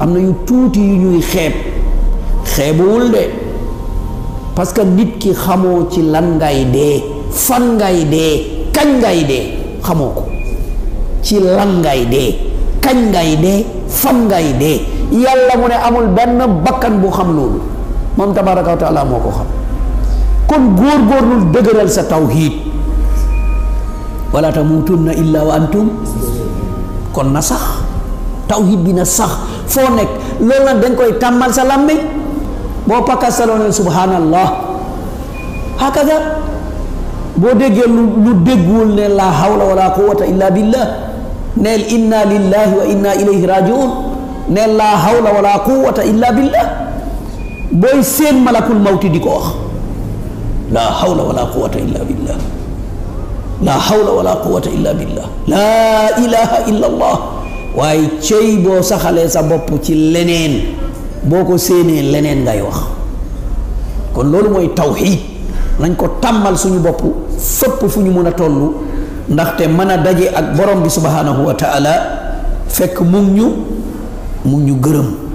am na yu tuuti yu ñuy xeeb xeebuwul de parce que nit ki xamoo ci lan ngay dee fan ngay dee kañ ngay dee ko ci lan ngay dee kañ ngay dee fan ngay dee yàlla mu ne amul benn bakkan bu xam loolu moom tabaraka wa moo ko xam kon góor-góorlul dëgëral sa tawhid wala tamutunna illa wa antum kon na sax tawhid bi na sax foo nekk loolu nag dañ koy tàmmal sa làmmiñ boo pakastaloo ne subhanallah hakaza boo déggee lu lu déggul la hawla wala quwwata illa billah neel inna lillahi wa inna ilayhi rajiun neel la hawla wala quwwata illa billah la hawla wala quwwata illa billah la hawla wala allah waaye cëy boo saxalee sa bopp ci leneen boo ko séenee leneen ngay wax kon loolu mooy tawxiid nañ ko tàmbal suñu bopp fépp fu ñu mën a tollu ndaxte mën a daje ak borom bi subhanahu wa taala fekk mu ñu mu ñu gërëm